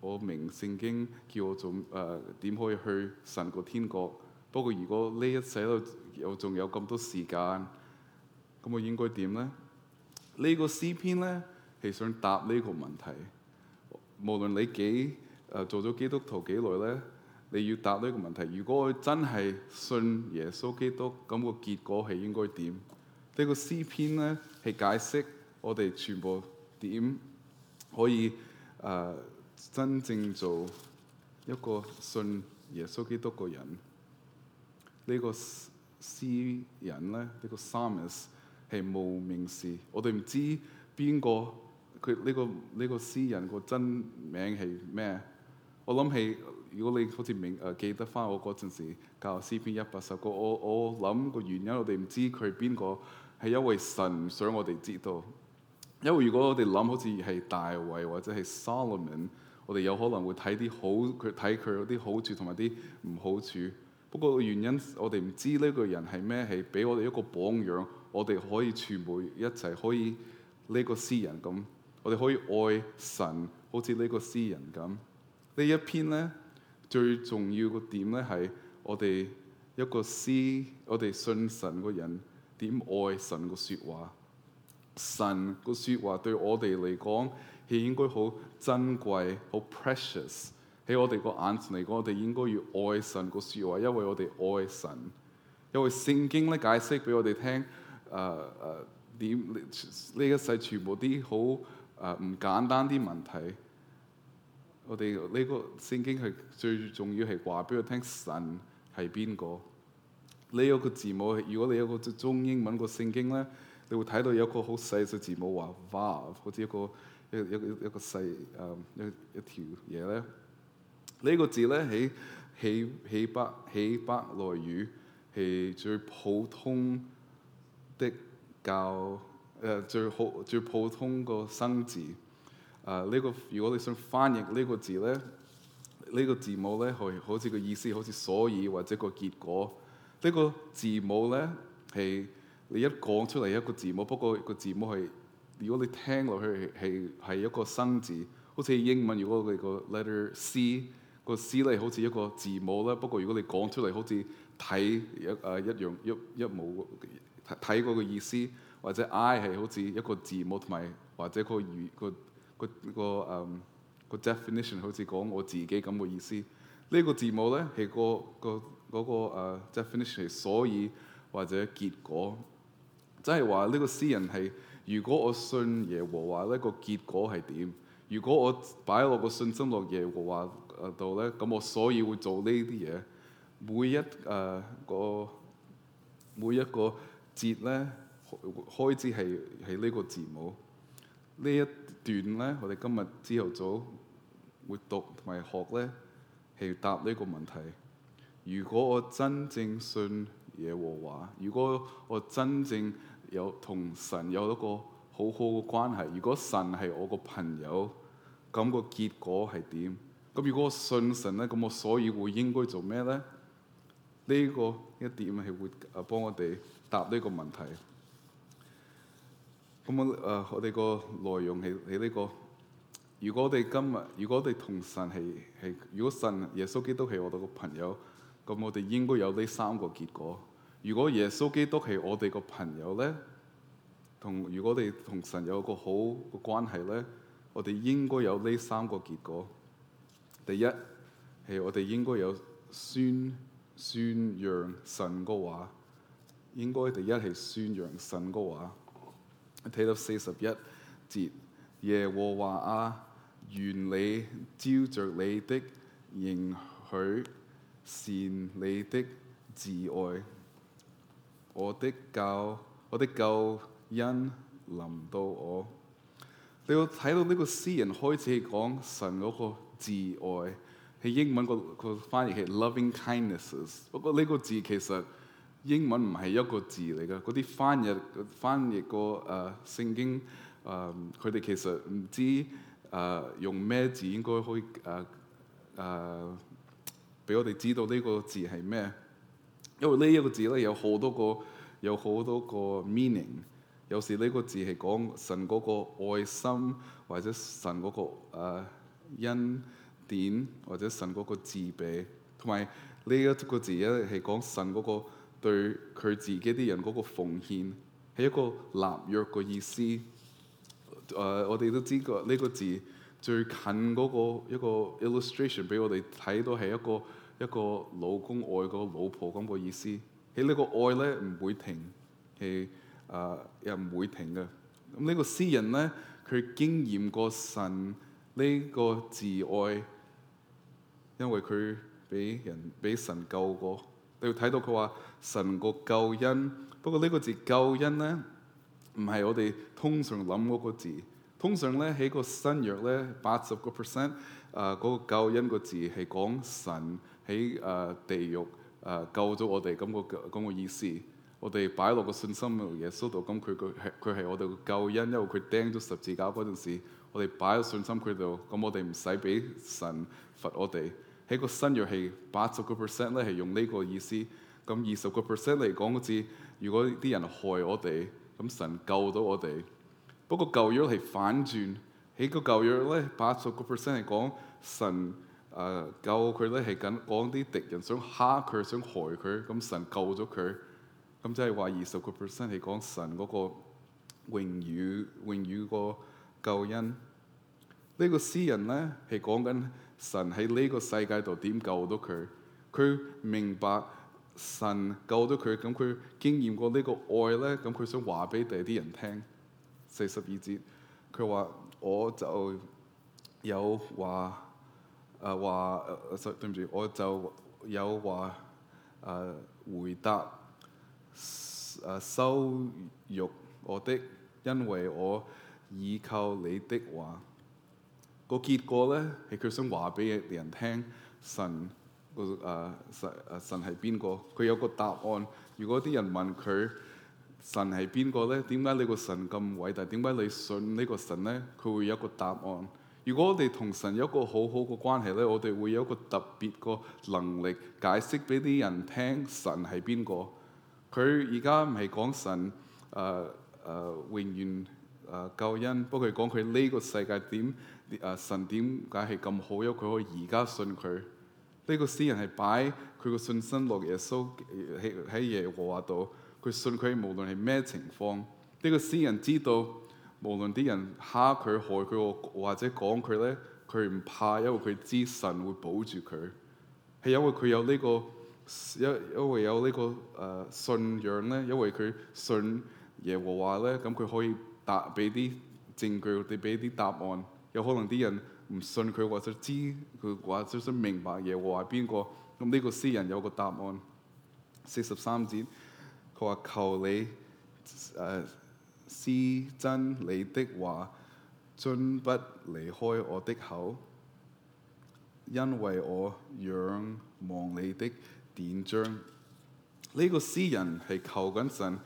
我明聖經叫我做誒點、呃、可以去神個天國，不過如果呢一世都又仲有咁多時間，咁我應該點咧？這個、呢個詩篇咧係想答呢個問題。無論你幾誒做咗基督徒幾耐咧，你要答呢個問題。如果我真係信耶穌基督，咁、那個結果係應該點？這個、呢個詩篇咧係解釋我哋全部點可以誒。呃真正做一個信耶穌基督個人，這個、詩人呢、這個詩人咧，呢個 Psalmist 係無名氏，我哋唔知邊、這個佢呢、這個呢個詩人個真名係咩？我諗起，如果你好似明誒記得翻我嗰陣時教詩篇一百十個，我我諗個原因我哋唔知佢邊個係因為神唔想我哋知道，因為如果我哋諗好似係大衛或者係 Solomon。我哋有可能會睇啲好佢睇佢嗰啲好處同埋啲唔好處，不過原因我哋唔知呢個人係咩，係俾我哋一個榜樣，我哋可以全部一齊可以呢個詩人咁，我哋可以愛神好似呢個詩人咁。呢一篇呢，最重要個點呢，係我哋一個詩，我哋信神個人點愛神個説話，神個説話對我哋嚟講係應該好珍貴，好 precious 喺我哋個眼前嚟講，我哋應該要愛神個説話，因為我哋愛神，因為聖經咧解釋俾我哋聽，誒誒點呢一世全部啲好誒唔簡單啲問題，我哋呢、這個聖經係最重要係話俾佢聽神係邊個？你、這、有個字母如果你有個中英文個聖經咧，你會睇到有個好細細字母話 Vav 好似一個。一一個細誒一、um, 一條嘢咧，呢、這個字咧喺希、希伯、希伯來語係最普通的教誒最好最普通個生字啊！呢、uh, 這個如果你想翻譯呢個字咧，呢、這個字母咧係好似個意思好似所以或者個結果呢、這個字母咧係你一講出嚟一個字母，不過個字母係。如果你聽落去係係一個生字，好似英文，如果你個 letter C 個 C 咧好似一個字母咧。不過如果你講出嚟，好似睇一誒一樣一一模睇睇嗰個意思，或者 I 係好似一個字母，同埋或者個語個個個誒、um, 個 definition 好似講我自己咁嘅意思。呢、這個字母咧係個個嗰個，個、uh, definition 係所以或者結果，即係話呢個詩人係。如果我信耶和華呢、呢個結果係點？如果我擺落個信心落耶和華啊度咧，咁我所以會做呢啲嘢。每一誒個，呃、個每一個節咧，開開始係係呢個字母。呢一段咧，我哋今日朝頭早會讀同埋學咧，係答呢個問題。如果我真正信耶和華，如果我真正，有同神有一個好好嘅關係。如果神係我個朋友，咁個結果係點？咁如果我信神咧，咁我所以會應該做咩咧？呢個一點係會誒幫我哋答呢個問題。咁我誒我哋個內容係喺呢個。如果我哋今日，如果我哋同神係係，如果神耶穌基督係我哋個朋友，咁我哋應該有呢三個結果。如果耶穌基督係我哋個朋友咧，同如果我哋同神有個好個關係咧，我哋應該有呢三個結果。第一係我哋應該有宣宣揚神個話，應該第一係宣揚神個話。睇到四十一節，耶和華啊，願你照着你的應許，善你的慈愛。我的救，我的救恩臨到我。你要睇到呢個詩人開始講神嗰個慈愛，係英文個個翻譯係 loving kindnesses。不過呢個字其實英文唔係一個字嚟嘅，嗰啲翻譯，翻譯個誒、呃、聖經誒佢哋其實唔知誒、呃、用咩字應該可以誒誒俾我哋知道呢個字係咩。因為呢一個字咧有好多個有好多個 meaning，有時呢個字係講神嗰個愛心，或者神嗰、嗰個誒、呃、恩典，或者神嗰個慈悲，同埋呢一個字咧係講神嗰個對佢自己啲人嗰個奉獻，係一個立約嘅意思。誒、呃，我哋都知個呢個字最近嗰個一個 illustration 俾我哋睇到係一個。一個老公愛個老婆咁個意思，喺、這、呢個愛咧唔會停，係啊又唔會停嘅。咁、這個、呢個詩人咧，佢經驗過神呢、這個自愛，因為佢俾人俾神救過。你要睇到佢話神個救恩，不過呢個字救恩咧，唔係我哋通常諗嗰個字。通常咧喺、這個新約咧八十個 percent，啊嗰個救恩個字係講神。喺誒地獄誒救咗我哋咁個咁個意思，我哋擺落個信心喺耶穌度，咁佢佢係佢係我哋嘅救恩，因為佢釘咗十字架嗰陣時，我哋擺咗信心佢度，咁我哋唔使俾神罰我哋。喺個新約係八十個 percent 咧，係用呢個意思。咁二十個 percent 嚟講好似，如果啲人害我哋，咁神救到我哋。不過舊約係反轉，喺個舊約咧，八十個 percent 嚟講神。誒，救佢咧係緊講啲敵人想蝦佢，想害佢，咁神救咗佢，咁即係話二十個 percent 係講神嗰個榮耀、榮耀個救恩。呢、呢個詩人咧係講緊神喺呢個世界度點救到佢，佢明白神救到佢，咁佢經驗過呢個愛咧，咁佢想話俾第啲人聽。四十二節，佢話我就有話。誒話誒對唔住，我就有話誒、呃、回答誒羞、呃、辱我的，因為我倚靠你的話。那個結果咧係佢想話俾人聽，神個誒、呃、神誒、呃、神係邊個？佢有個答案。如果啲人問佢神係邊個咧？點解你個神咁偉大？點解你信呢個神咧？佢會有一個答案。如果我哋同神有一個好好嘅關係咧，我哋會有一個特別個能力解釋俾啲人聽神係邊個。佢而家唔係講神，誒、呃、誒、呃，永遠誒、呃、救恩，不過佢講佢呢個世界點誒、呃、神點解係咁好，因佢可以而家信佢。呢、這個詩人係擺佢個信心落耶穌喺、喺耶和華度，佢信佢無論係咩情況。呢、這個詩人知道。無論啲人蝦佢害佢或者講佢咧，佢唔怕，因為佢知神會保住佢，係因為佢有呢、這個因因為有呢、這個誒、呃、信仰咧，因為佢信耶和華咧，咁佢可以答俾啲證據，或者俾啲答案。有可能啲人唔信佢或者知佢或者想想明白耶和華係邊個，咁呢個詩人有個答案。四十三節佢話求你誒、呃施真你的話，總不離開我的口，因為我仰望你的典章。呢、這個詩人係靠緊神，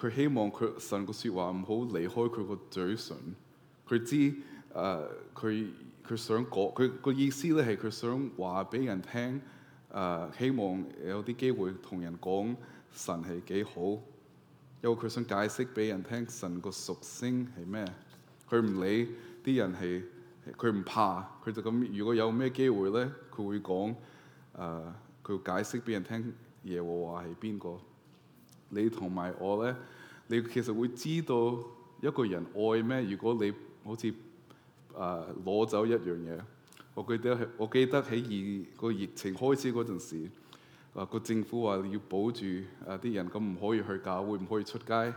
佢希望佢神個說話唔好離開佢個嘴唇。佢知誒，佢、呃、佢想講，佢個意思咧，係佢想話俾人聽，誒，希望有啲機會同人講神係幾好。因為佢想解釋俾人聽神個屬性係咩，佢唔理啲人係，佢唔怕，佢就咁。如果有咩機會咧，佢會講，誒、呃，佢解釋俾人聽耶和華係邊個。你同埋我咧，你其實會知道一個人愛咩？如果你好似誒攞走一樣嘢，我記得我記得喺二個疫情開始嗰陣時。話個政府話要保住誒啲人，咁唔可以去教會，唔可以出街。咁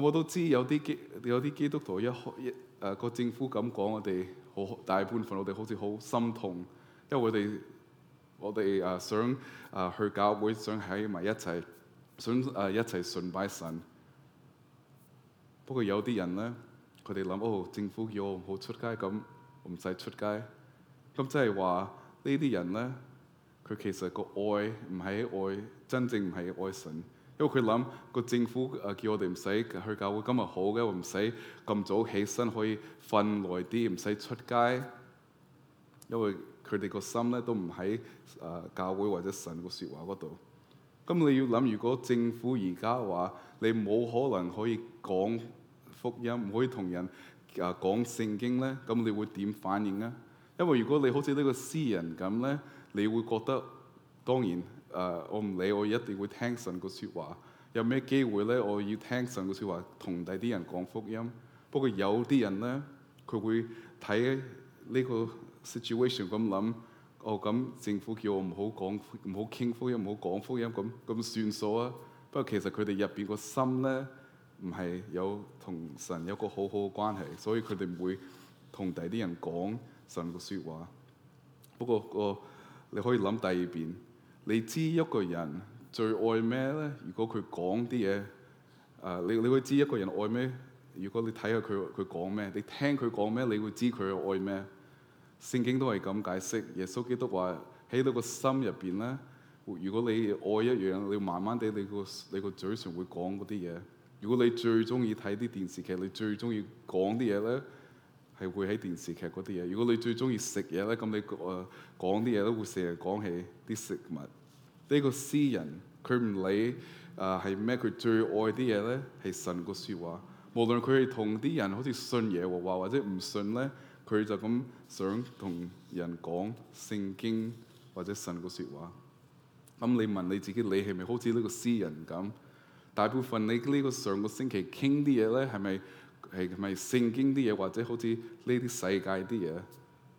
我都知有啲基有啲基督徒一開一誒個、啊、政府咁講，我哋好大半份，我哋好似好心痛，因為我哋我哋誒、啊、想誒、啊、去教會，想喺埋一齊，想誒、啊、一齊信拜神。不過有啲人咧，佢哋諗哦，政府叫我唔好出街，咁我唔使出街，咁即係話呢啲人咧。佢其實個愛唔係愛，真正唔係愛神，因為佢諗個政府誒、呃、叫我哋唔使去教會，今日好嘅，唔使咁早起身可以瞓耐啲，唔使出街。因為佢哋個心咧都唔喺誒教會或者神個説話嗰度。咁、嗯、你要諗，如果政府而家話你冇可能可以講福音，唔可以同人誒講聖經咧，咁、嗯、你會點反應咧？因為如果你好似呢個私人咁咧，你會覺得當然，誒、呃，我唔理，我一定會聽神個説話。 有咩機會咧，我要聽神個説話，同第啲人講福音。不過有啲人咧，佢會睇呢個 situation 咁諗，哦，咁政府叫我唔好講唔好傾福音，唔好講福音，咁咁算數啊？不過其實佢哋入邊個心咧，唔係有同神有個好好嘅關係，所以佢哋唔會同第啲人講神個説話。不過個。你可以諗第二遍，你知一個人最愛咩咧？如果佢講啲嘢，誒，你你會知一個人愛咩？如果你睇下佢佢講咩，你聽佢講咩，你會知佢愛咩？聖經都係咁解釋，耶穌基督話喺你個心入邊咧。如果你愛一樣，你慢慢地你個你個嘴上會講嗰啲嘢。如果你最中意睇啲電視劇，你最中意講啲嘢咧。係會喺電視劇嗰啲嘢。如果你最中意食嘢咧，咁你講講啲嘢都會成日講起啲食物。呢、這個詩人佢唔理啊係咩，佢、呃、最愛啲嘢咧係神個説話。無論佢係同啲人好似信嘢或話或者唔信咧，佢就咁想同人講聖經或者神個説話。咁你問你自己，你係咪好似呢個詩人咁？大部分你呢個上個星期傾啲嘢咧係咪？是係咪聖經啲嘢，或者好似呢啲世界啲嘢？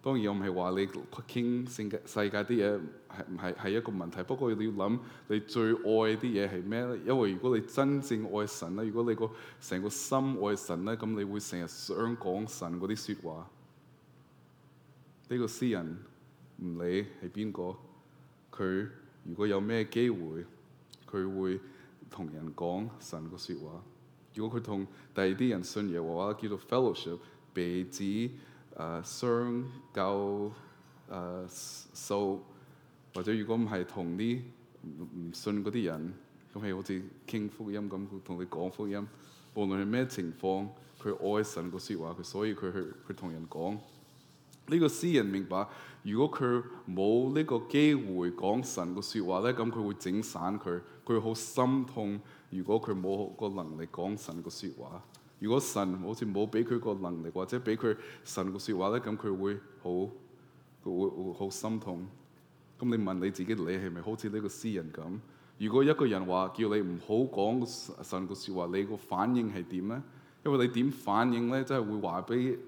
當然我唔係話你傾聖界世界啲嘢係唔係係一個問題。不過你要諗你最愛啲嘢係咩咧？因為如果你真正愛神咧，如果你個成個心愛神咧，咁你會成日想講神嗰啲説話。呢個詩人唔理係邊個，佢如果有咩機會，佢會同人講神個説話。如果佢同第二啲人信耶和華，叫做 fellowship，彼此誒、呃、相交誒、呃、受，或者如果唔係同啲唔信嗰啲人，咁係好似傾福音咁，佢同佢講福音。無論係咩情況，佢愛神個説話，佢所以佢去佢同人講。呢個詩人明白，如果佢冇呢個機會講神個説話咧，咁佢會整散佢，佢好心痛。如果佢冇個能力講神個説話，如果神好似冇俾佢個能力或者俾佢神個説話咧，咁佢會好會會好心痛。咁你問你自己，你係咪好似呢個詩人咁？如果一個人話叫你唔好講神個説話，你個反應係點咧？因為你點反應咧，真係會話俾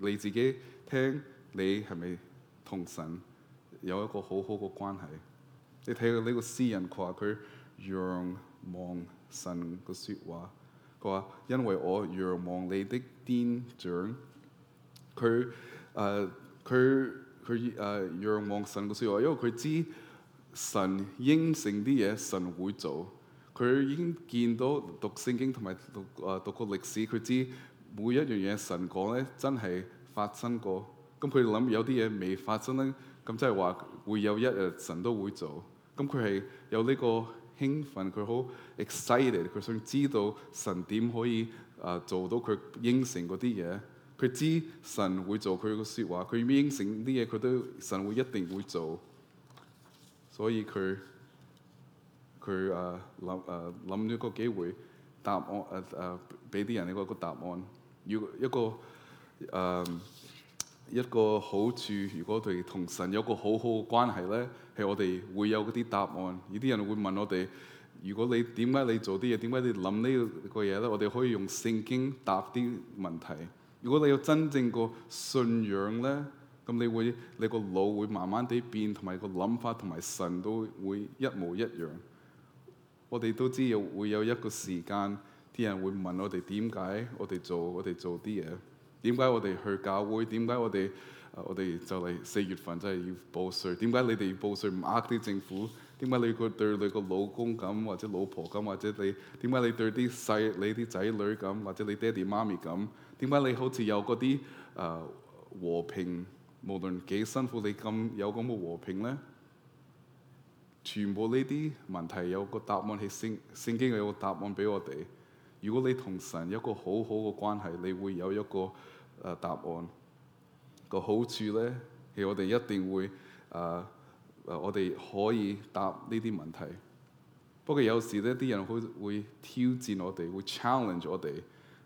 你自己聽。你係咪同神有一個好好嘅關係？你睇佢呢個詩人，佢話佢仰望神嘅説話，佢話，因為我仰望你的典章，佢誒佢佢誒仰望神嘅説話，因為佢知神應承啲嘢，神會做。佢已經見到讀聖經同埋讀誒讀過歷史，佢知每一樣嘢神講咧真係發生過。咁佢諗有啲嘢未發生咧，咁即係話會有一日神都會做。咁佢係有呢個興奮，佢好 excited，佢想知道神點可以啊、呃、做到佢應承嗰啲嘢。佢知神會做佢嘅説話，佢應承啲嘢，佢都神會一定會做。所以佢佢啊諗啊諗咗個機會答案啊啊，俾、呃、啲、呃、人一個個答案。要一個誒。呃一個好處，如果我哋同神有個好好嘅關係咧，係我哋會有嗰啲答案。有啲人會問我哋：如果你點解你做啲嘢？點解你諗呢個嘢咧？我哋可以用聖經答啲問題。如果你有真正個信仰咧，咁你會你個腦會慢慢地變，同埋個諗法同埋神都會一模一樣。我哋都知有會有一個時間，啲人會問我哋點解我哋做我哋做啲嘢。點解我哋去教會？點解我哋、呃、我哋就嚟四月份真係要報稅？點解你哋要報稅唔呃啲政府？點解你個對你個老公咁，或者老婆咁，或者你點解你對啲細你啲仔女咁，或者你爹哋媽咪咁點解你好似有嗰啲誒和平？無論幾辛苦你，你咁有咁嘅和平咧？全部呢啲問題有個答案喺聖聖經有個答案俾我哋。如果你同神有一個好好嘅關係，你會有一個。誒答案個好處咧，係我哋一定會誒誒、呃，我哋可以答呢啲問題。不過有時呢啲人會會挑戰我哋，會 challenge 我哋。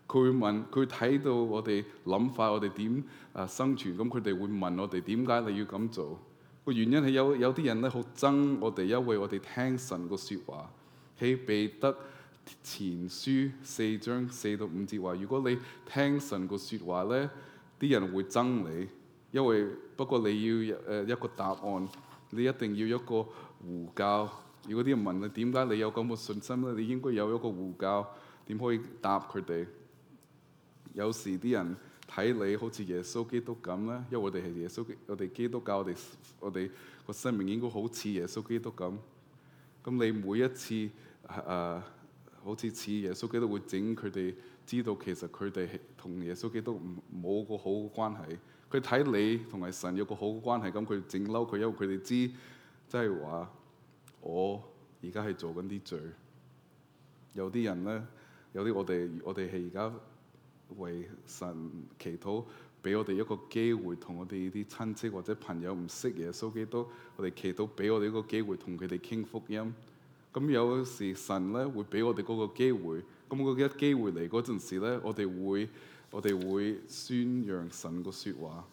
佢會問，佢睇到我哋諗法，我哋點誒生存？咁佢哋會問我哋，點解你要咁做？個原因係有有啲人咧好憎我哋，因為我哋聽神個説話，佢被得。前書四章四到五節話，如果你聽神個説話咧，啲人會憎你，因為不過你要誒一個答案，你一定要一個護教。如果啲人問你點解你有咁嘅信心咧，你應該有一個護教，點可以答佢哋。有時啲人睇你好似耶穌基督咁咧，因為我哋係耶穌基，我哋基督教，我哋我哋個生命應該好似耶穌基督咁。咁你每一次誒。呃好似似耶穌基督會整佢哋，知道其實佢哋同耶穌基督唔冇個好關係。佢睇你同埋神有個好關係，咁佢整嬲佢，因為佢哋知即係話我而家係做緊啲罪。有啲人咧，有啲我哋我哋係而家為神祈禱，俾我哋一個機會同我哋啲親戚或者朋友唔識耶穌基督，我哋祈禱俾我哋一個機會同佢哋傾福音。咁有時神咧會俾我哋嗰個機會，咁嗰一機會嚟嗰陣時咧，我哋會我哋會宣揚神個説話。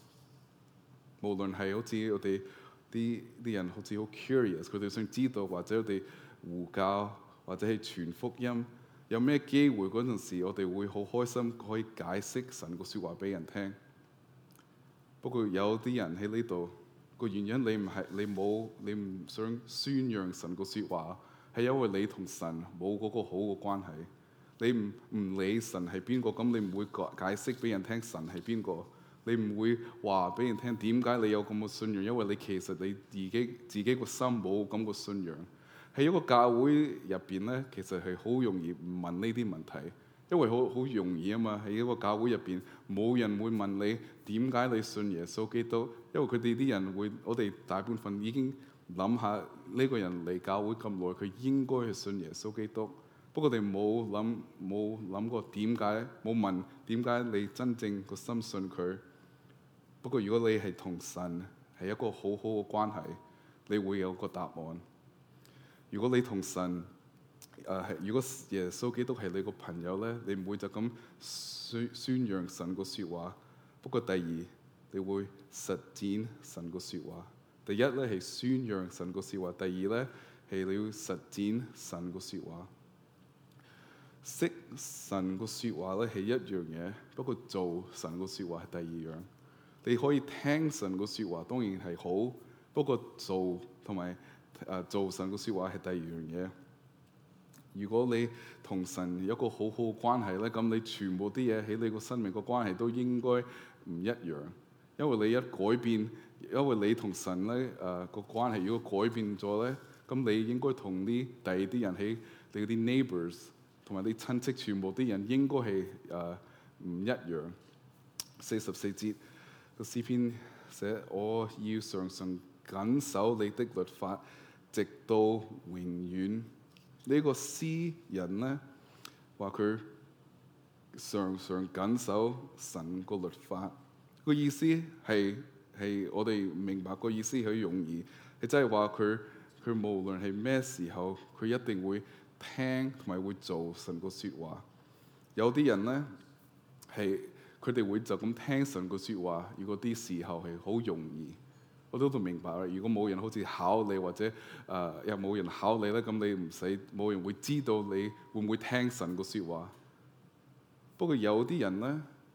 無論係好似我哋啲啲人好似好 curious，佢哋想知道或者我哋互教或者係傳福音，有咩機會嗰陣時，我哋會好開心可以解釋神個説話俾人聽。不過有啲人喺呢度個原因，你，你唔係你冇你唔想宣揚神個説話。係因為你同神冇嗰個好嘅關係，你唔唔理神係邊個，咁你唔會解解釋俾人聽神係邊個，你唔會話俾人聽點解你有咁嘅信仰，因為你其實你自己自己個心冇咁嘅信仰。喺一個教會入邊咧，其實係好容易唔問呢啲問題，因為好好容易啊嘛。喺一個教會入邊，冇人會問你點解你信耶穌基督，因為佢哋啲人會，我哋大部分已經。諗下呢個人嚟教會咁耐，佢應該去信耶穌基督。不過你冇諗，冇諗過點解，冇問點解你真正個心信佢。不過如果你係同神係一個好好嘅關係，你會有個答案。如果你同神誒係、呃，如果耶穌基督係你個朋友咧，你唔會就咁宣宣揚神個說話。不過第二，你會實踐神個說話。第一咧係宣揚神個説話，第二咧係你要實踐神個説話。識神個説話咧係一樣嘢，不過做神個説話係第二樣。你可以聽神個説話，當然係好，不過做同埋誒做神個説話係第二樣嘢。如果你同神有一個好好嘅關係咧，咁你全部啲嘢喺你個生命個關係都應該唔一樣，因為你一改變。因為你同神咧誒個關係如果改變咗咧，咁你應該同啲第二啲人，喺你啲 neighbours 同埋啲親戚全部啲人應該係誒唔一樣。四十四節個詩篇寫：我要常常緊守你的律法，直到永遠。這個、詩，呢個詩人咧話佢常常緊守神個律法，個意思係。係我哋明白個意思，係容易。你即係話佢佢無論係咩時候，佢一定會聽同埋會做神個説話。有啲人咧係佢哋會就咁聽神個説話。如果啲時候係好容易，我都都明白啦。如果冇人好似考你或者誒、呃、又冇人考你咧，咁你唔使冇人會知道你會唔會聽神個説話。不過有啲人咧，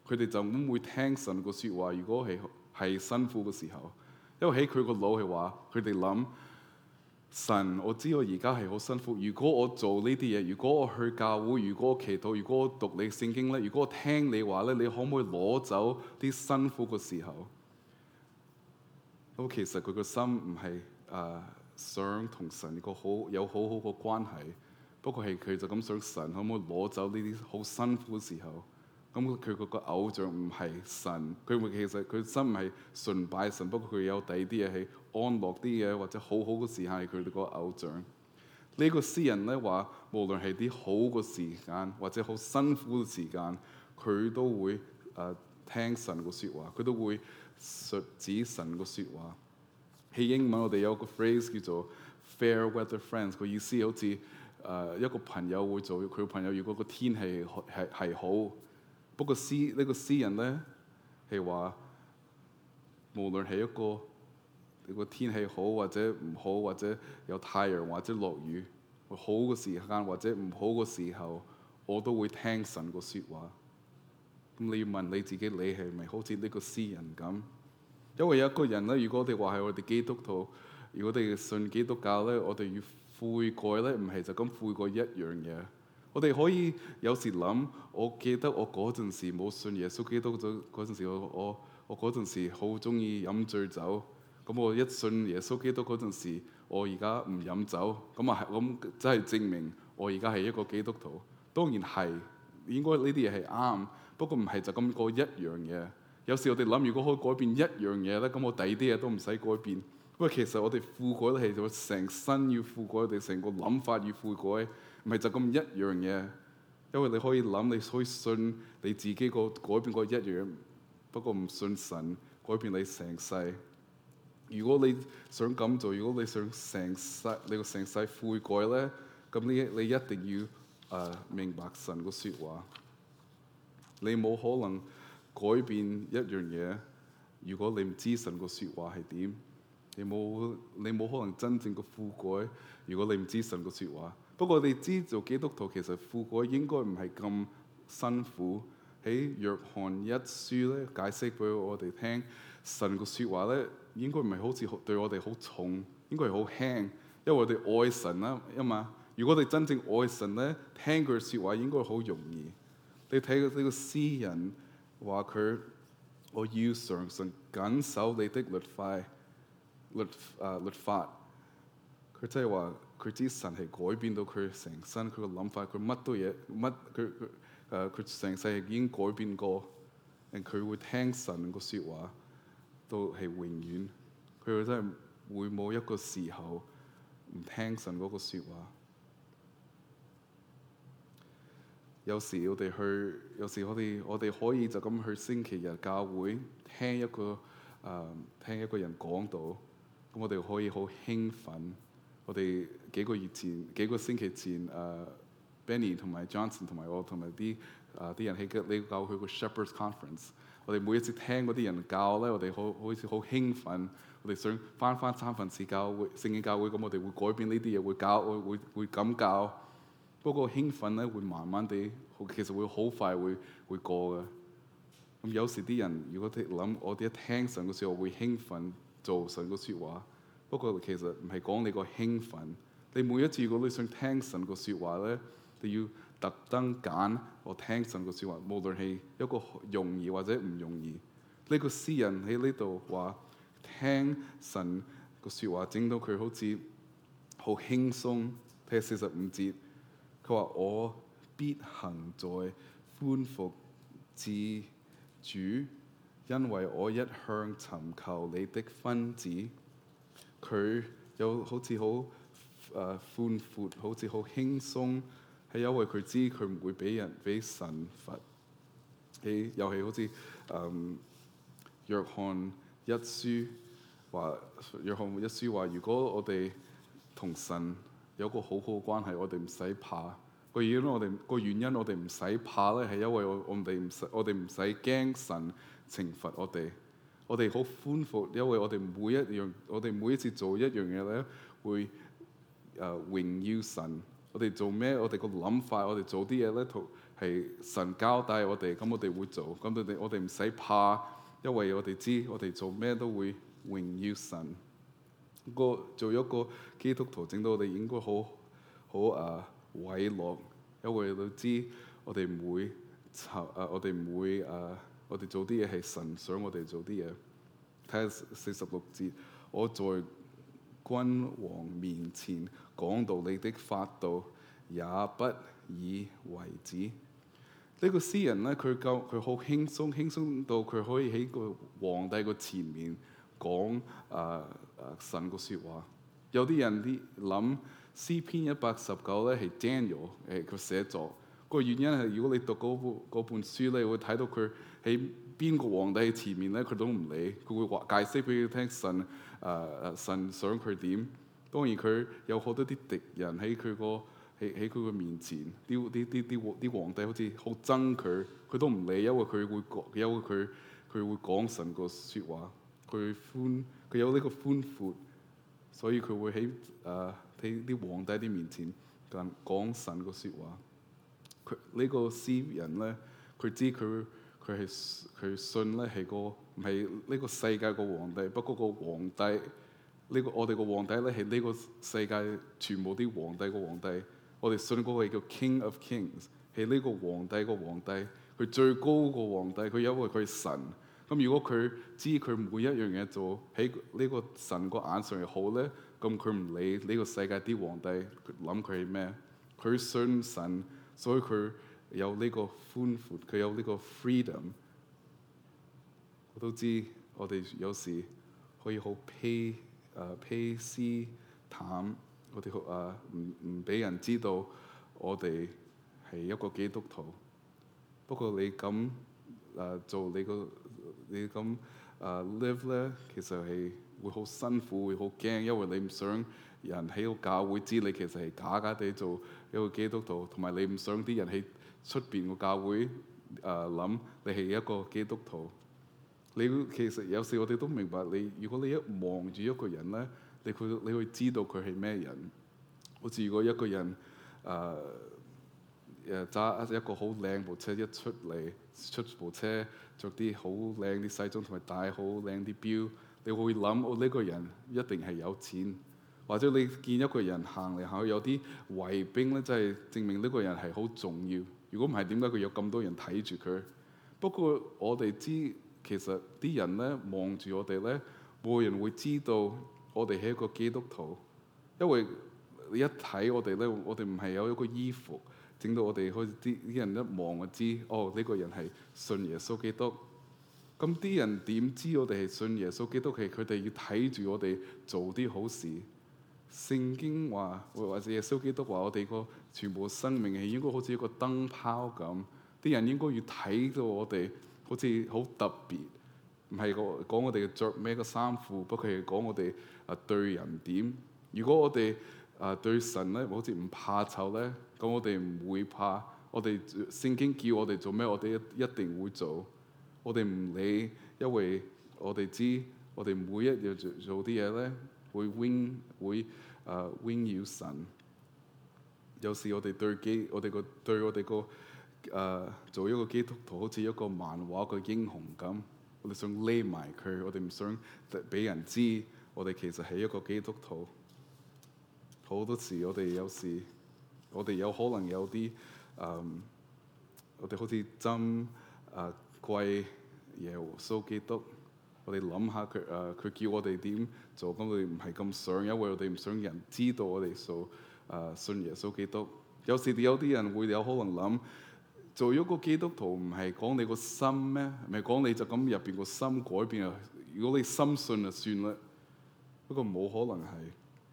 佢哋就唔會聽神個説話。如果係，係辛苦嘅時候，因為喺佢個腦係話，佢哋諗神，我知我而家係好辛苦。如果我做呢啲嘢，如果我去教會，如果我祈禱，如果我讀你聖經咧，如果我聽你話咧，你可唔可以攞走啲辛苦嘅時候？咁其實佢個心唔係誒想同神個好有好好嘅關係，不過係佢就咁想神可唔可以攞走呢啲好辛苦嘅時候。咁佢個個偶像唔係神，佢其實佢真唔係純拜神，不過佢有第啲嘢係安樂啲嘢，或者好好嘅時間係佢哋個偶像。呢個詩人咧話，無論係啲好嘅時間，或者好辛苦嘅時間，佢都會誒聽神個説話，佢都會錫指神個説話。喺英文我哋有個 phrase 叫做 fair weather friends，個意思好似誒一個朋友會做佢朋友，如果個天氣係係好。不過詩、這個、呢個詩人咧係話，無論係一個你個天氣好或者唔好，或者有太陽或者落雨，好嘅時間或者唔好嘅時候，我都會聽神個説話。咁你要問你自己，你係咪好似呢個詩人咁？因為有一個人咧，如果我哋話係我哋基督徒，如果我哋信基督教咧，我哋要悔改咧，唔係就咁悔改一樣嘢。我哋可以有時諗，我記得我嗰陣時冇信耶穌基督嗰陣時，我我我嗰陣時好中意飲醉酒。咁我一信耶穌基督嗰陣時，我而家唔飲酒。咁啊，咁真係證明我而家係一個基督徒。當然係應該呢啲嘢係啱，不過唔係就咁個一樣嘢。有時我哋諗，如果可以改變一樣嘢咧，咁我第二啲嘢都唔使改變。不過其實我哋悔改係就成身要悔改，我哋成個諗法要悔改。唔係就咁一樣嘢，因為你可以諗，你可以信你自己個改變過一樣，不過唔信神改變你成世。如果你想咁做，如果你想成世你個成世悔改咧，咁你你一定要誒、uh, 明白神個説話。你冇可能改變一樣嘢，如果你唔知神個説話係點，你冇你冇可能真正個悔改，如果你唔知神個説話。不過我哋知道做基督徒其實富過應該唔係咁辛苦。喺約翰一書咧解釋俾我哋聽，神個說話咧應該唔係好似好對我哋好重，應該係好輕，因為我哋愛神啦，啊嘛。如果我哋真正愛神咧，聽佢說話應該好容易。你睇佢呢個詩人話佢：我要常常謹守你的律法，律啊、uh, 律法。佢就話。佢知神係改變到佢成身，佢個諗法，佢乜都嘢，乜佢佢誒，佢成世已經改變過，誒佢會聽神個説話，都係永遠。佢真係會冇一個時候唔聽神嗰個説話。有時我哋去，有時我哋我哋可以就咁去星期日教會聽一個誒、呃，聽一個人講道，咁我哋可以好興奮。我哋幾個月前、幾個星期前，誒、啊、Benny 同埋 Johnson 同埋我同埋啲啊啲人喺嘅，你教佢個 Shepherd's Conference。我哋每一次聽嗰啲人教咧，我哋好似好好興奮，我哋想返返三藩市教會、聖經教會咁，我哋會改變呢啲嘢，會教會會會咁教。不過興奮咧會慢慢地，其實會好快會會過嘅。咁有時啲人如果諗我哋一聽上嘅事，我會興奮做上嘅説話。不過其實唔係講你個興奮，你每一次如果你想聽神個説話咧，你要特登揀我聽神個説話，無論係一個容易或者唔容易。呢個詩人喺呢度話聽神個説話，整到佢好似好輕鬆。睇下四十五節，佢話我必行在寬闊之地，因為我一向尋求你的訓詞。佢有好似好誒寬闊，好似好輕鬆，係因為佢知佢唔會俾人俾神罰。誒又係好似誒約翰一書話，約翰一書話，如果我哋同神有個好好嘅關係，我哋唔使怕。個原因我哋個原因我哋唔使怕咧，係因為我我哋唔使我哋唔使驚神懲罰我哋。我哋好寬闊，因為我哋每一樣，我哋每一次做一樣嘢咧，會誒、啊、榮耀神。我哋做咩？我哋個諗法，我哋做啲嘢咧，同係神交代我哋。咁我哋會做。咁我哋我哋唔使怕，因為我哋知我哋做咩都會榮耀神。個做一個基督徒，整到我哋應該好好誒偉樂，因為你知我哋唔會尋誒、啊，我哋唔會誒。啊我哋做啲嘢係神想我哋做啲嘢。睇下四十六節，我在君王面前講道你的法度，也不以為止。這個、詩呢個詩人咧，佢夠佢好輕鬆，輕鬆到佢可以喺個皇帝個前面講誒誒神個説話。有啲人啲諗詩篇一百十九咧係 Daniel 誒佢寫作。個原因係，如果你讀嗰本，本書咧，會睇到佢。喺邊個皇帝前面咧，佢都唔理。佢會話解釋俾佢聽神、呃，神誒誒神想佢點。當然佢有好多啲敵人喺佢個喺喺佢個面前，啲啲啲啲皇帝好似好憎佢，佢都唔理，因為佢會講，因為佢佢會講神個說話，佢寬佢有呢個寬闊，所以佢會喺誒喺啲皇帝啲面前講講神個說話。佢、這個、呢個詩人咧，佢知佢。佢係佢信咧係個唔係呢個世界個皇帝，不過個皇帝呢個我哋個皇帝咧係呢個世界全部啲皇帝個皇帝，我哋信嗰個叫 King of Kings，係呢個皇帝個皇帝，佢最高個皇帝，佢因為佢係神，咁如果佢知佢每一樣嘢做喺呢個神個眼上係好咧，咁佢唔理呢個世界啲皇帝佢諗佢係咩，佢信神，所以佢。有呢個寬闊，佢有呢個 freedom。我都知我哋有時可以好披誒披絲淡，我哋好誒唔唔俾人知道我哋係一個基督徒。不過你咁誒、uh, 做你個你咁誒、uh, live 咧，其實係會好辛苦，會好驚，因為你唔想人喺度教會知你其實係假假地做一個基督徒，同埋你唔想啲人喺。出邊個教會？誒、呃、諗你係一個基督徒。你其實有時我哋都明白，你如果你一望住一個人咧，你會你會知道佢係咩人。好似如果一個人誒誒揸一個好靚部車一出嚟，出部車着，啲好靚啲西裝，同埋戴好靚啲表，你會諗哦，呢個人一定係有錢。或者你見一個人行嚟行去有啲衛兵咧，就係證明呢個人係好重要。如果唔係點解佢有咁多人睇住佢？不過我哋知其實啲人咧望住我哋咧，冇人會知道我哋係一個基督徒，因為你一睇我哋咧，我哋唔係有一個衣服，整到我哋去啲啲人一望就知，哦呢個人係信耶穌基督。咁啲人點知我哋係信耶穌基督？其實佢哋要睇住我哋做啲好事。聖經話，或者耶穌基督話：我哋個全部生命係應該好似一個燈泡咁，啲人應該要睇到我哋好似好特別。唔係個講我哋着咩個衫褲，不過係講我哋啊對人點。如果我哋啊對神咧，好似唔怕醜咧，咁我哋唔會怕。我哋聖經叫我哋做咩，我哋一一定會做。我哋唔理，因為我哋知，我哋每一日做做啲嘢咧。會 wing 會誒、uh, wing 耀神，有時我哋對基我哋個對我哋個誒、呃、做一個基督徒好似一個漫畫個英雄咁，我哋想匿埋佢，我哋唔想俾人知我哋其實係一個基督徒。好多時我哋有時我哋有可能有啲誒、嗯，我哋好似針誒貴耶穌基督我哋諗下佢誒，佢、呃、叫我哋點做？咁我哋唔係咁想，因為我哋唔想人知道我哋所誒信耶穌基督。有時有啲人會有可能諗，做咗個基督徒唔係講你個心咩？係咪講你就咁入邊個心改變啊？如果你深信就算啦。不過冇可能係，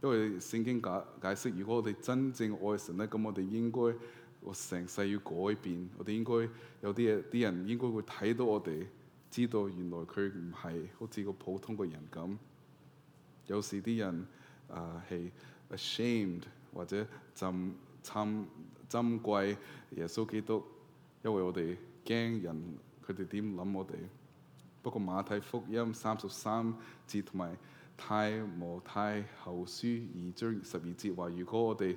因為聖經解解釋，如果我哋真正愛神咧，咁我哋應該我成世要改變，我哋應該有啲嘢啲人應該會睇到我哋。知道原來佢唔係好似個普通個人咁，有時啲人啊係、呃、ashamed 或者浸參珍貴耶穌基督，因為我哋驚人佢哋點諗我哋。不過馬太福音三十三節同埋提摩太後書二章十二節話，如果我哋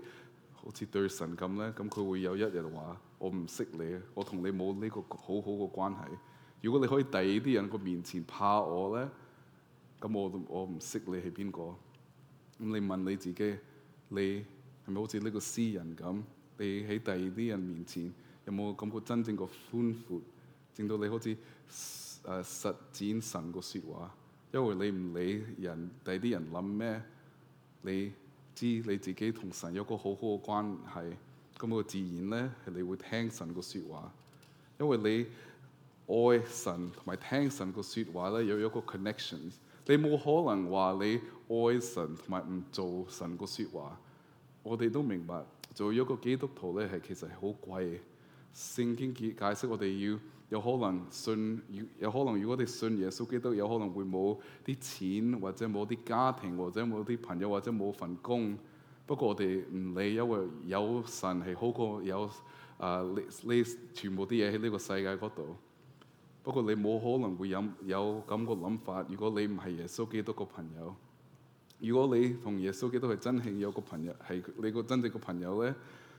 好似對神咁咧，咁佢會有一日話：我唔識你，我同你冇呢個好好嘅關係。如果你可以第二啲人個面前怕我咧，咁我我唔識你係邊個。咁你問你自己，你係咪好似呢個詩人咁？你喺第二啲人面前有冇感覺真正嘅寬闊，令到你好似誒、啊、實踐神個説話？因為你唔理人第二啲人諗咩，你知你自己同神有個好好嘅關係，咁、那個自然咧係你會聽神個説話，因為你。愛神同埋聽神個説話咧，有一個 connection。你冇可能話你愛神同埋唔做神個説話。我哋都明白做一個基督徒咧，係其實係好貴。聖經解解釋我哋要有可能信，有可能如果你信耶穌基督，有可能會冇啲錢，或者冇啲家庭，或者冇啲朋友，或者冇份工。不過我哋唔理，因為有神係好過有啊呢呢全部啲嘢喺呢個世界嗰度。不過你冇可能會有有咁個諗法。如果你唔係耶穌基督個朋友，如果你同耶穌基督係真係有個朋友，係你個真正個朋友咧，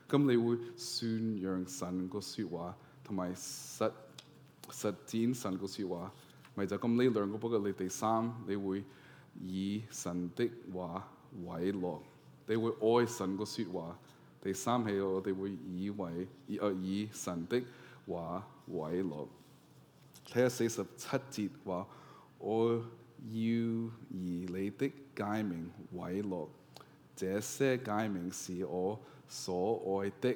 咁你會宣揚神個説話，同埋實實踐神個説話，咪就咁、是、呢兩個。不過你第三，你會以神的話為樂，你會愛神個説話。第三係我哋會以為以，以神的話為樂。睇下四十七節話，我要以你的誡命為樂，這些誡命是我所愛的。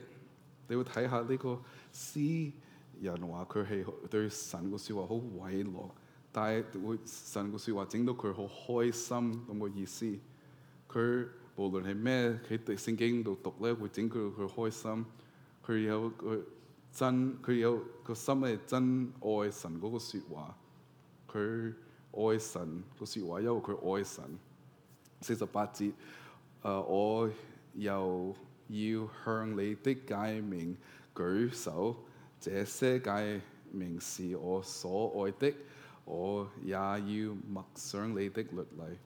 你會睇下呢個詩人話佢係對神個説話好為樂，但係會神個説話整到佢好開心咁嘅、那個、意思。佢無論係咩，佢喺聖經度讀咧，會整到佢開心，佢有佢。真佢有個心係真愛神嗰個説話，佢愛神個説話，因為佢愛神。四十八節，誒、呃、我又要向你的誡命舉手，這些誡命是我所愛的，我也要默想你的律例。呢、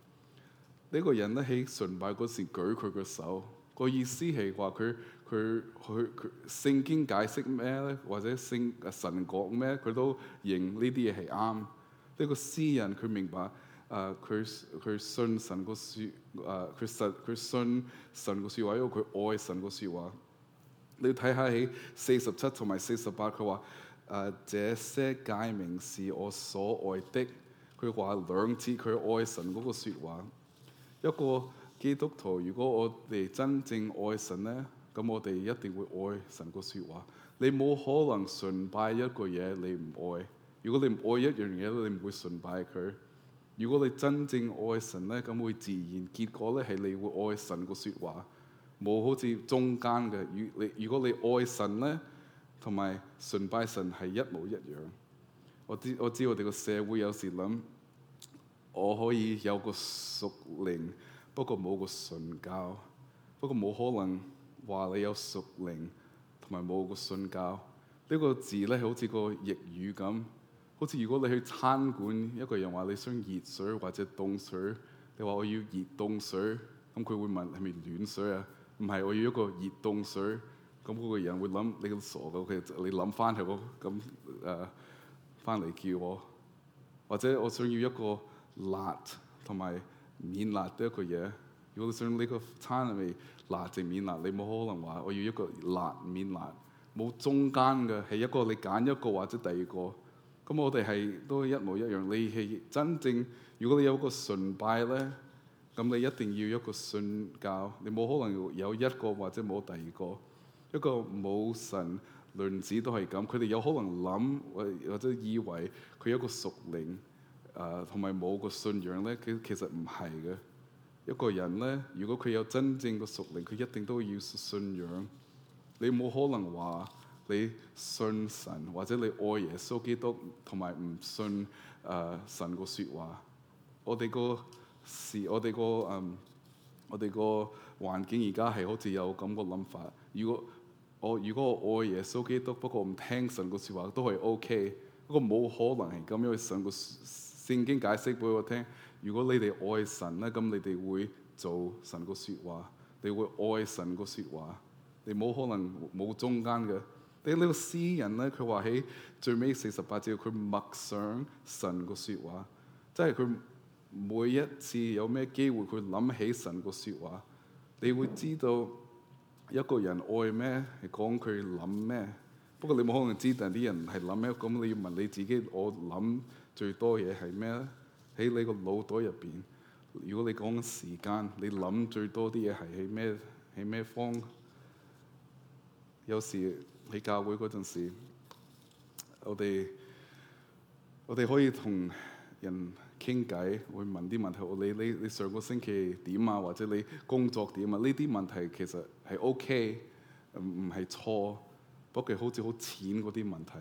這個人得起崇拜嗰時舉佢個手，個意思係話佢。佢佢佢聖經解釋咩咧，或者聖神講咩，佢都認呢啲嘢係啱。呢、這個詩人佢明白，誒佢佢信神個説誒，佢信佢信神個説話，因為佢愛神個説話。你睇下喺四十七同埋四十八，佢話誒這些誡命是我所愛的。佢話兩次佢愛神嗰個説話。一個基督徒，如果我哋真正愛神咧，咁我哋一定會愛神個説話。你冇可能崇拜一個嘢，你唔愛。如果你唔愛一樣嘢，你唔會崇拜佢。如果你真正愛神咧，咁會自然結果咧，係你會愛神個説話。冇好似中間嘅。如你如果你愛神咧，同埋崇拜神係一模一樣。我知我知，我哋個社會有時諗，我可以有個屬靈，不過冇個信教，不過冇可能。話你有屬靈同埋冇個信教呢個字咧，好似個粵語咁。好似如果你去餐館一，一個人話你想熱水或者凍水，你話我要熱凍水，咁佢會問係咪暖水啊？唔係，我要一個熱凍水。咁嗰個人會諗你傻嘅，OK？你諗翻佢喎，咁誒翻嚟叫我，或者我想要一個辣同埋免辣嘅一個嘢。如果你想呢個餐嚟，辣就免辣，你冇可能話我要一個辣免辣，冇中間嘅係，一個你揀一個或者第二個。咁我哋係都係一模一樣。你係真正如果你有一個崇拜咧，咁你一定要一個信教，你冇可能有一個或者冇第二個。一個冇神論者都係咁，佢哋有可能諗或或者以為佢有個屬靈，誒同埋冇個信仰咧，佢其實唔係嘅。一個人咧，如果佢有真正嘅屬靈，佢一定都要信仰。你冇可能話你信神或者你愛耶穌基督，同埋唔信誒、呃、神嘅説話。我哋個時，我哋個誒，我哋個環境而家係好似有咁個諗法。如果我如果我愛耶穌基督，不過唔聽神嘅説話都係 OK。不過冇可能係咁樣。因為神嘅聖經解釋俾我聽。如果你哋愛神咧，咁你哋會做神個説話，你會愛神個説話，你冇可能冇中間嘅。你呢個詩人咧，佢話喺最尾四十八節，佢默想神個説話，即係佢每一次有咩機會，佢諗起神個説話。你會知道一個人愛咩係講佢諗咩，不過你冇可能知但啲人係諗咩。咁你要問你自己，我諗最多嘢係咩咧？喺你個腦袋入邊，如果你講緊時間，你諗最多啲嘢係喺咩？喺咩方？有時喺教會嗰陣時，我哋我哋可以同人傾偈，會問啲問題。問你你你上個星期點啊？或者你工作點啊？呢啲問題其實係 OK，唔唔係錯，不過好似好淺嗰啲問題，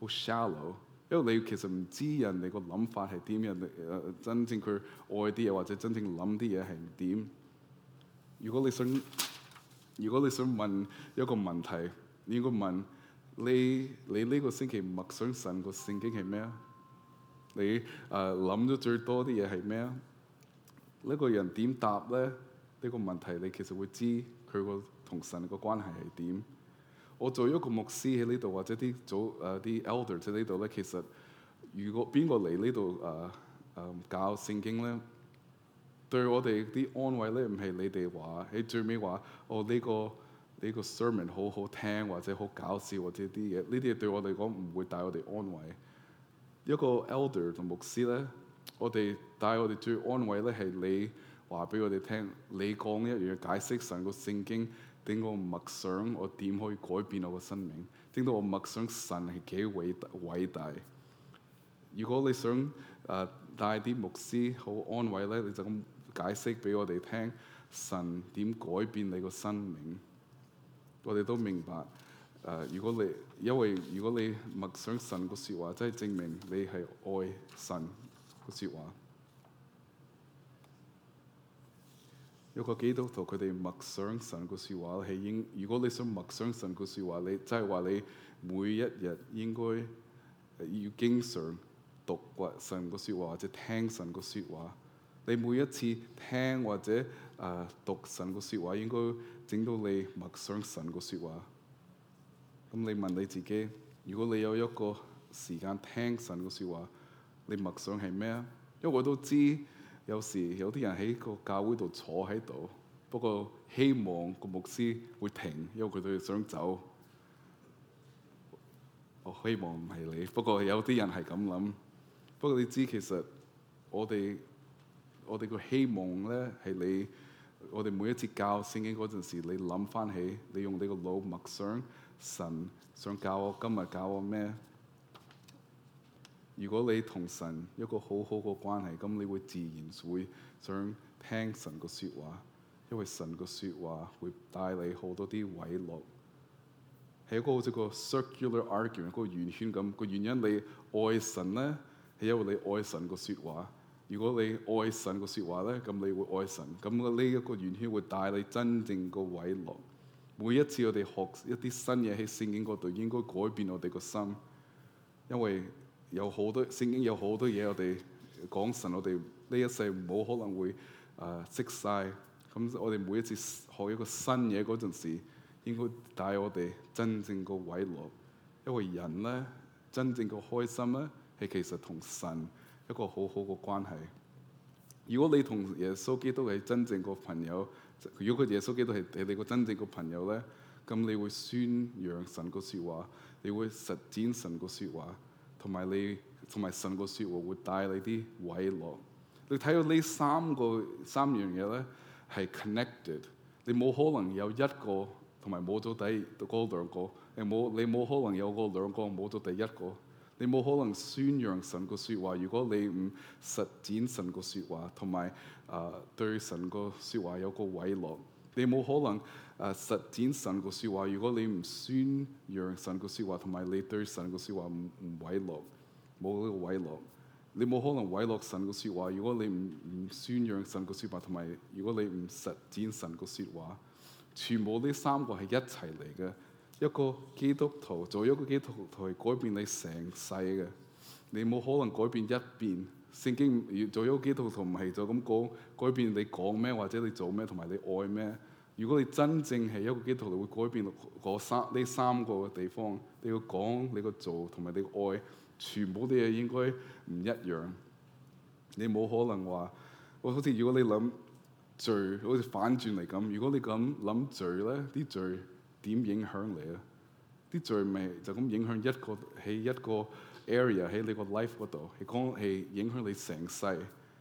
好 shallow。因為你其實唔知人哋個諗法係點，人哋誒真正佢愛啲嘢，或者真正諗啲嘢係點。如果你想如果你想問一個問題，你應該問你你呢個星期默想神個聖經係咩啊？你誒諗咗最多啲嘢係咩啊？呢個人點答咧？呢個問題你其實會知佢個同神個關係係點。我做一個牧師喺呢度，或者啲早誒啲 elder 喺呢度咧，其實如果邊個嚟呢度誒誒搞聖經咧，對我哋啲安慰咧，唔係你哋話喺最尾話哦呢個呢個 sermon 好好聽，或者好搞笑或者啲嘢，呢啲嘢對我嚟講唔會帶我哋安慰。一個 elder 同牧師咧，我哋帶我哋最安慰咧係你話俾我哋聽，你講一樣嘢解釋成個聖經。點我默想，我點可以改變我個生命？到我默想神係幾偉偉大？如果你想誒帶啲牧師好安慰咧，你就咁解釋俾我哋聽神點改變你個生命。我哋都明白誒、呃，如果你因為如果你默想神個說話，真係證明你係愛神個說話。有個基督徒佢哋默想神個説話係應。如果你想默想神個説話，你即係話你每一日應該要經常讀神個説話或者聽神個説話。你每一次聽或者誒讀神個説話，應該整到你默想神個説話。咁你問你自己，如果你有一個時間聽神個説話，你默想係咩啊？因為我都知。有時有啲人喺個教會度坐喺度，不過希望個牧師會停，因為佢哋想走。我希望唔係你，不過有啲人係咁諗。不過你知其實我哋我哋個希望咧係你，我哋每一次教聖經嗰陣時，你諗翻起，你用你個腦默想，神想教我今日教我咩？如果你同神一個好好個關係，咁你會自然會想聽神個説話，因為神個説話會帶你好多啲偉樂。係一個好似個 circular argument，一個圓圈咁。個原因你愛神咧，係因為你愛神個説話。如果你愛神個説話咧，咁你會愛神。咁呢一個圓圈會帶你真正個偉樂。每一次我哋學一啲新嘢喺聖經嗰度，應該改變我哋個心，因為。有好多，聖經有好多嘢，我哋講神，我哋呢一世冇可能會誒、呃、識曬。咁我哋每一次學一個新嘢嗰陣時，應該帶我哋真正個偉樂。因為人咧真正個開心咧，係其實同神一個好好個關係。如果你同耶穌基督係真正個朋友，如果佢耶穌基督係你哋個真正個朋友咧，咁你會宣揚神個説話，你會實踐神個説話。同埋你同埋神個説話會帶你啲偉樂。你睇到呢三個三樣嘢咧係 connected，你冇可能有一個同埋冇咗第嗰兩個，你冇你冇可能有嗰兩個冇咗第一個，你冇可能宣揚神個説話。如果你唔實踐神個説話，同埋誒對神個説話有個偉樂，你冇可能。實踐神個説話，如果你唔宣揚神個説話，同埋你對神個説話唔，唔偉樂，冇呢個偉樂，你冇可能偉樂神個説話。如果你唔，唔宣揚神個説話，同埋如果你唔實踐神個説話，全部呢三個係一齊嚟嘅。一個基督徒，做一個基督徒係改變你成世嘅，你冇可能改變一邊。聖經，做一個基督徒唔係就咁講，改變你講咩或者你做咩同埋你愛咩。如果你真正係一個基督徒，你會改變到三呢三個地方，你要講、你要做同埋你嘅愛，全部啲嘢應該唔一樣。你冇可能話，好似如果你諗罪，好似反轉嚟咁。如果你咁諗罪咧，啲罪點影響你啊？啲罪咪就咁影響一個喺一個 area 喺你個 life 嗰度，你講係影響你成世。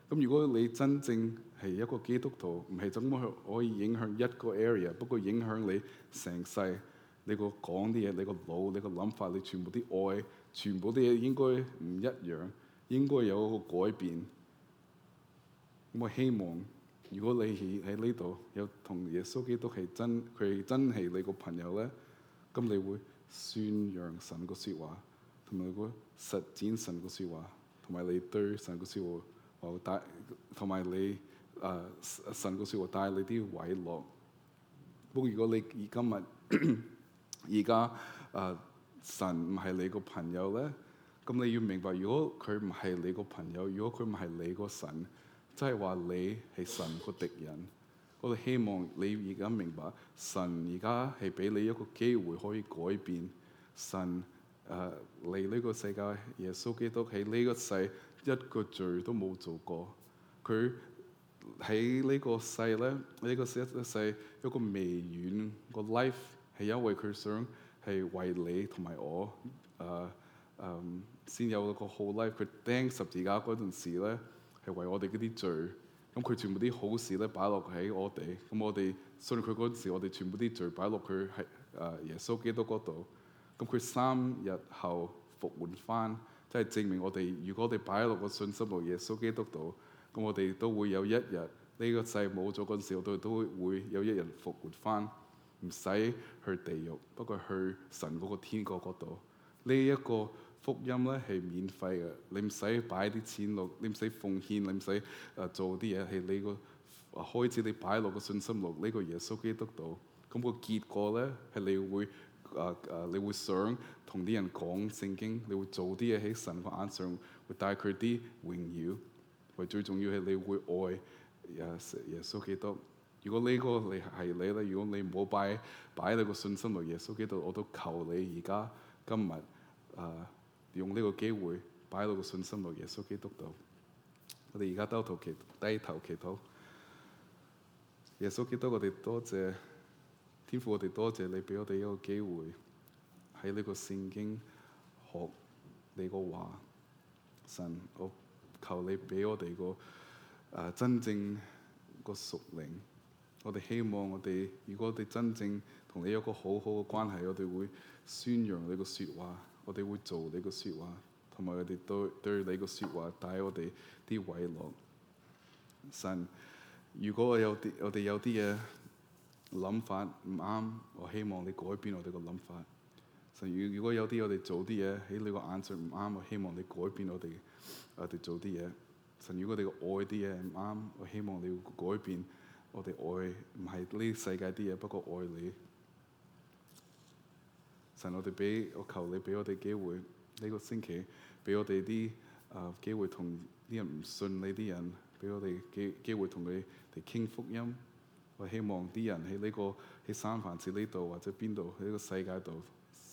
咁如果你真正係一個基督徒，唔係怎麼可以影響一個 area，不過影響你成世，你個講啲嘢，你個腦，你個諗法，你全部啲愛，全部啲嘢應該唔一樣，應該有一個改變。咁我希望，如果你喺呢度有同耶穌基督係真，佢真係你個朋友咧，咁你會宣揚神個説話，同埋會實踐神個説話，同埋你對神個説話，同埋你。誒、呃、神個説話帶你啲偉樂，不過如果你而今日而家誒神唔係你個朋友咧，咁你要明白，如果佢唔係你個朋友，如果佢唔係你個神，即係話你係神個敵人。我哋希望你而家明白，神而家係俾你一個機會可以改變。神誒、呃、嚟呢個世界，耶穌基督喺呢個世一個罪都冇做過，佢。喺呢個世咧，呢個世一世有個微軟個 life 係因為佢想係為你同埋我誒誒、uh, um, 先有個好 life。佢釘十字架嗰陣時咧係為我哋嗰啲罪，咁佢全部啲好事咧擺落喺我哋，咁我哋信佢嗰陣時，我哋全部啲罪擺落佢係誒耶穌基督嗰度。咁佢三日後復活翻，即係證明我哋如果我哋擺落個信心落耶穌基督度。咁我哋都會有一日呢個世冇咗嗰陣時，我哋都會有一日復活翻，唔使去地獄，不過去神嗰個天國嗰度。呢一個福音咧係免費嘅，你唔使擺啲錢落，你唔使奉獻，你唔使誒做啲嘢，係你個開始你擺落個信心落呢個耶穌基督度。咁個結果咧係你會誒誒，你會想同啲人講聖經，你會做啲嘢喺神個眼上會帶佢啲榮耀。最重要係你會愛耶穌基督。如果呢個你係你咧，如果你唔好擺擺你個信心落耶穌基督，我都求你而家今日誒、呃、用呢個機會擺到個信心落耶穌基督度。我哋而家低頭祈低頭祈禱。耶穌基督，我哋多謝天父，我哋多謝你俾我哋一個機會喺呢個聖經學你個話。神好。求你俾我哋個誒、呃、真正個屬靈，我哋希望我哋如果我哋真正同你有個好好嘅關係，我哋會宣揚你個說話，我哋會做你個說話，同埋我哋對對你個說話帶我哋啲偉樂。神，如果有我有啲我哋有啲嘢諗法唔啱，我希望你改變我哋個諗法。神，如果有啲我哋做啲嘢喺你個眼中唔啱，我希望你改變我哋我哋做啲嘢。神，如果你個愛啲嘢唔啱，我希望你改變我哋愛，唔係呢世界啲嘢，不過愛你。神，我哋俾我求你俾我哋機會，呢個星期俾我哋啲啊機會同啲人唔信你啲人，俾我哋機機會同佢哋傾福音。我希望啲人喺呢個喺三藩市呢度或者邊度喺呢個世界度。